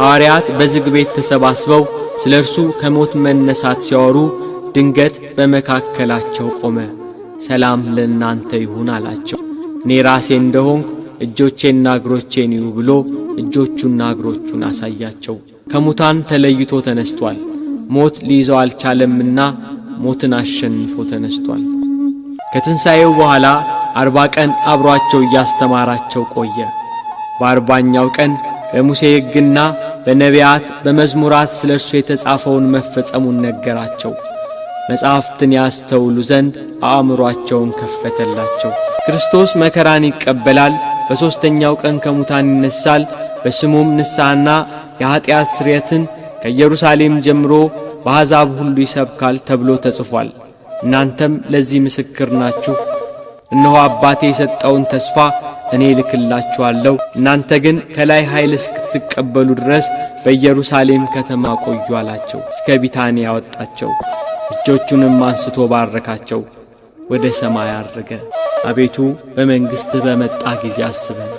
ሐዋርያት በዝግ ቤት ተሰባስበው ስለ እርሱ ከሞት መነሳት ሲያወሩ ድንገት በመካከላቸው ቆመ። ሰላም ለእናንተ ይሁን አላቸው። እኔ ራሴ እንደሆንኩ እጆቼና እግሮቼን ይሁ ብሎ እጆቹና እግሮቹን አሳያቸው። ከሙታን ተለይቶ ተነስቷል። ሞት ሊይዘው አልቻለምና ሞትን አሸንፎ ተነስቷል። ከትንሣኤው በኋላ አርባ ቀን አብሯቸው እያስተማራቸው ቆየ። በአርባኛው ቀን በሙሴ ሕግና በነቢያት በመዝሙራት ስለ እርሱ የተጻፈውን መፈጸሙን ነገራቸው። መጻሕፍትን ያስተውሉ ዘንድ አእምሮአቸውን ከፈተላቸው። ክርስቶስ መከራን ይቀበላል፣ በሦስተኛው ቀን ከሙታን ይነሳል፣ በስሙም ንስሐና የኀጢአት ስርየትን ከኢየሩሳሌም ጀምሮ በአሕዛብ ሁሉ ይሰብካል ተብሎ ተጽፏል። እናንተም ለዚህ ምስክር ናችሁ። እነሆ አባቴ የሰጠውን ተስፋ እኔ ልክላችኋለሁ። እናንተ ግን ከላይ ኃይል እስክትቀበሉ ድረስ በኢየሩሳሌም ከተማ ቆዩ አላቸው። እስከ ቢታንያ ያወጣቸው፣ እጆቹንም አንስቶ ባረካቸው፣ ወደ ሰማይ አረገ። አቤቱ በመንግሥትህ በመጣ ጊዜ አስበን።